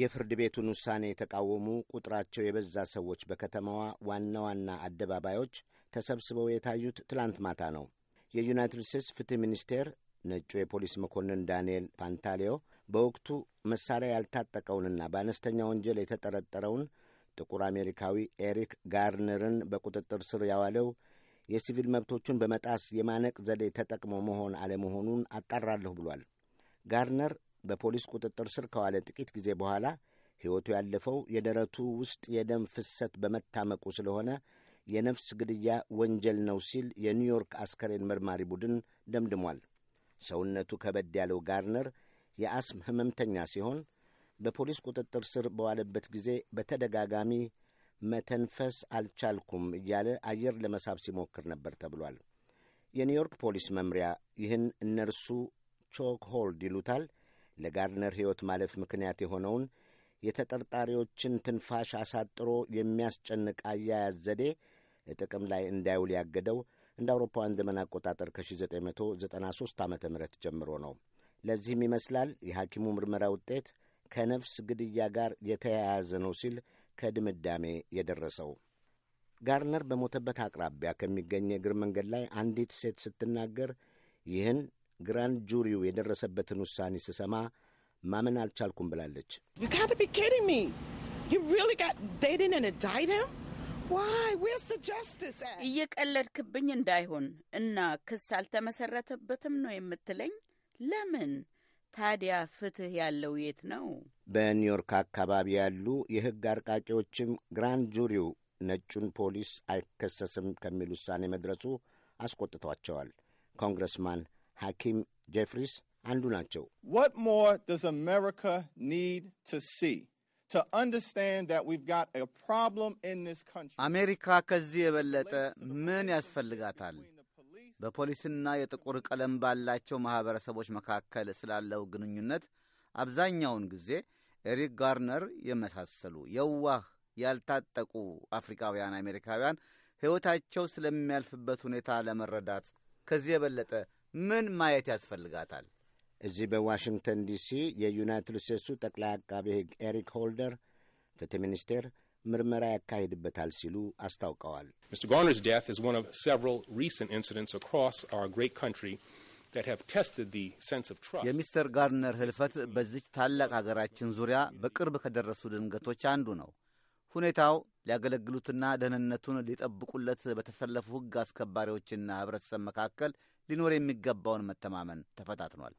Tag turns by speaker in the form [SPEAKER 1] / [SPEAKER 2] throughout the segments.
[SPEAKER 1] የፍርድ ቤቱን ውሳኔ የተቃወሙ ቁጥራቸው የበዛ ሰዎች በከተማዋ ዋና ዋና አደባባዮች ተሰብስበው የታዩት ትላንት ማታ ነው። የዩናይትድ ስቴትስ ፍትህ ሚኒስቴር ነጩ የፖሊስ መኮንን ዳንኤል ፓንታሌዮ በወቅቱ መሳሪያ ያልታጠቀውንና በአነስተኛ ወንጀል የተጠረጠረውን ጥቁር አሜሪካዊ ኤሪክ ጋርነርን በቁጥጥር ስር ያዋለው የሲቪል መብቶቹን በመጣስ የማነቅ ዘዴ ተጠቅሞ መሆን አለመሆኑን አጣራለሁ ብሏል። ጋርነር በፖሊስ ቁጥጥር ስር ከዋለ ጥቂት ጊዜ በኋላ ሕይወቱ ያለፈው የደረቱ ውስጥ የደም ፍሰት በመታመቁ ስለሆነ የነፍስ ግድያ ወንጀል ነው ሲል የኒውዮርክ አስከሬን መርማሪ ቡድን ደምድሟል። ሰውነቱ ከበድ ያለው ጋርነር የአስም ሕመምተኛ ሲሆን በፖሊስ ቁጥጥር ስር በዋለበት ጊዜ በተደጋጋሚ መተንፈስ አልቻልኩም እያለ አየር ለመሳብ ሲሞክር ነበር ተብሏል። የኒውዮርክ ፖሊስ መምሪያ ይህን እነርሱ ቾክ ሆልድ ይሉታል ለጋርነር ሕይወት ማለፍ ምክንያት የሆነውን የተጠርጣሪዎችን ትንፋሽ አሳጥሮ የሚያስጨንቅ አያያዝ ዘዴ ጥቅም ላይ እንዳይውል ያገደው እንደ አውሮፓውያን ዘመን አቆጣጠር ከ1993 ዓ ም ጀምሮ ነው። ለዚህም ይመስላል የሐኪሙ ምርመራ ውጤት ከነፍስ ግድያ ጋር የተያያዘ ነው ሲል ከድምዳሜ የደረሰው። ጋርነር በሞተበት አቅራቢያ ከሚገኝ የእግር መንገድ ላይ አንዲት ሴት ስትናገር ይህን ግራንድ ጁሪው የደረሰበትን ውሳኔ ስሰማ ማመን አልቻልኩም ብላለች። እየቀለድክብኝ እንዳይሆን እና ክስ አልተመሰረተበትም ነው የምትለኝ? ለምን ታዲያ ፍትህ ያለው የት ነው? በኒውዮርክ አካባቢ ያሉ የሕግ አርቃቂዎችም ግራንድ ጁሪው ነጩን ፖሊስ አይከሰስም ከሚል ውሳኔ መድረሱ አስቆጥቷቸዋል። ኮንግረስማን ሐኪም ጄፍሪስ አንዱ ናቸው።
[SPEAKER 2] አሜሪካ ከዚህ የበለጠ ምን ያስፈልጋታል? በፖሊስና የጥቁር ቀለም ባላቸው ማኅበረሰቦች መካከል ስላለው ግንኙነት አብዛኛውን ጊዜ ኤሪክ ጋርነር የመሳሰሉ የዋህ ያልታጠቁ አፍሪካውያን አሜሪካውያን ሕይወታቸው ስለሚያልፍበት ሁኔታ ለመረዳት ከዚህ የበለጠ ምን ማየት ያስፈልጋታል?
[SPEAKER 1] እዚህ በዋሽንግተን ዲሲ የዩናይትድ ስቴትሱ ጠቅላይ አቃቤ ሕግ ኤሪክ ሆልደር ፍትህ ሚኒስቴር ምርመራ ያካሂድበታል ሲሉ አስታውቀዋል።
[SPEAKER 2] የሚስተር ጋርነር ህልፈት በዚች ታላቅ አገራችን ዙሪያ በቅርብ ከደረሱ ድንገቶች አንዱ ነው። ሁኔታው ሊያገለግሉትና ደህንነቱን ሊጠብቁለት በተሰለፉ ሕግ አስከባሪዎችና ኅብረተሰብ መካከል ሊኖር የሚገባውን መተማመን ተፈታትኗል።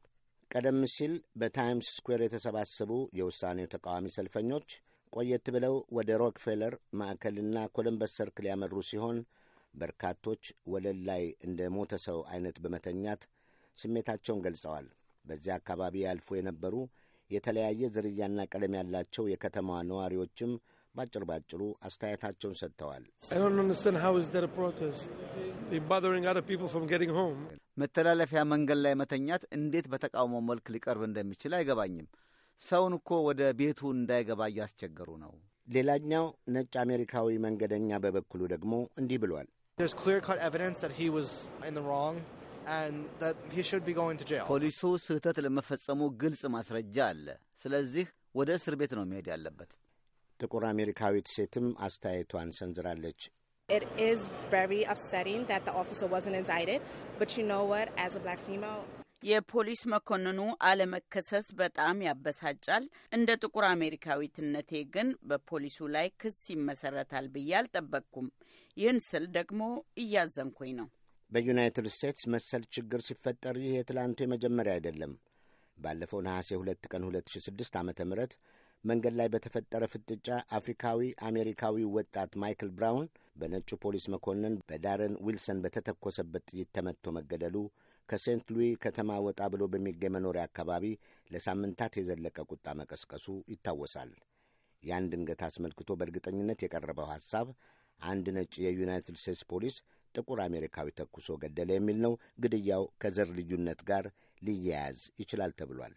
[SPEAKER 2] ቀደም ሲል በታይምስ ስኩዌር
[SPEAKER 1] የተሰባሰቡ የውሳኔው ተቃዋሚ ሰልፈኞች ቆየት ብለው ወደ ሮክፌለር ማዕከልና ኮለምበስ ሰርክል ያመሩ ሲሆን በርካቶች ወለል ላይ እንደ ሞተ ሰው አይነት በመተኛት ስሜታቸውን ገልጸዋል። በዚያ አካባቢ ያልፉ የነበሩ የተለያየ ዝርያና ቀለም ያላቸው የከተማዋ ነዋሪዎችም ባጭር ባጭሩ አስተያየታቸውን
[SPEAKER 2] ሰጥተዋል። መተላለፊያ መንገድ ላይ መተኛት እንዴት በተቃውሞ መልክ ሊቀርብ እንደሚችል አይገባኝም። ሰውን እኮ ወደ ቤቱ እንዳይገባ እያስቸገሩ ነው። ሌላኛው ነጭ አሜሪካዊ መንገደኛ በበኩሉ ደግሞ እንዲህ ብሏል። ፖሊሱ ስህተት ለመፈጸሙ ግልጽ ማስረጃ አለ። ስለዚህ ወደ እስር ቤት ነው መሄድ ያለበት። ጥቁር አሜሪካዊት ሴትም አስተያየቷን
[SPEAKER 1] ሰንዝራለች። የፖሊስ መኮንኑ አለመከሰስ በጣም ያበሳጫል። እንደ ጥቁር አሜሪካዊትነቴ ግን በፖሊሱ ላይ ክስ ይመሰረታል ብዬ አልጠበቅኩም። ይህን ስል ደግሞ እያዘንኩኝ ነው። በዩናይትድ ስቴትስ መሰል ችግር ሲፈጠር ይህ የትላንቱ የመጀመሪያ አይደለም። ባለፈው ነሐሴ 2 ቀን 2006 ዓ ም መንገድ ላይ በተፈጠረ ፍጥጫ አፍሪካዊ አሜሪካዊ ወጣት ማይክል ብራውን በነጩ ፖሊስ መኮንን በዳረን ዊልሰን በተተኮሰበት ጥይት ተመትቶ መገደሉ ከሴንት ሉዊ ከተማ ወጣ ብሎ በሚገኝ መኖሪያ አካባቢ ለሳምንታት የዘለቀ ቁጣ መቀስቀሱ ይታወሳል። ያን ድንገት አስመልክቶ በእርግጠኝነት የቀረበው ሐሳብ አንድ ነጭ የዩናይትድ ስቴትስ ፖሊስ ጥቁር አሜሪካዊ ተኩሶ ገደለ የሚል ነው። ግድያው ከዘር ልዩነት ጋር ሊያያዝ ይችላል ተብሏል።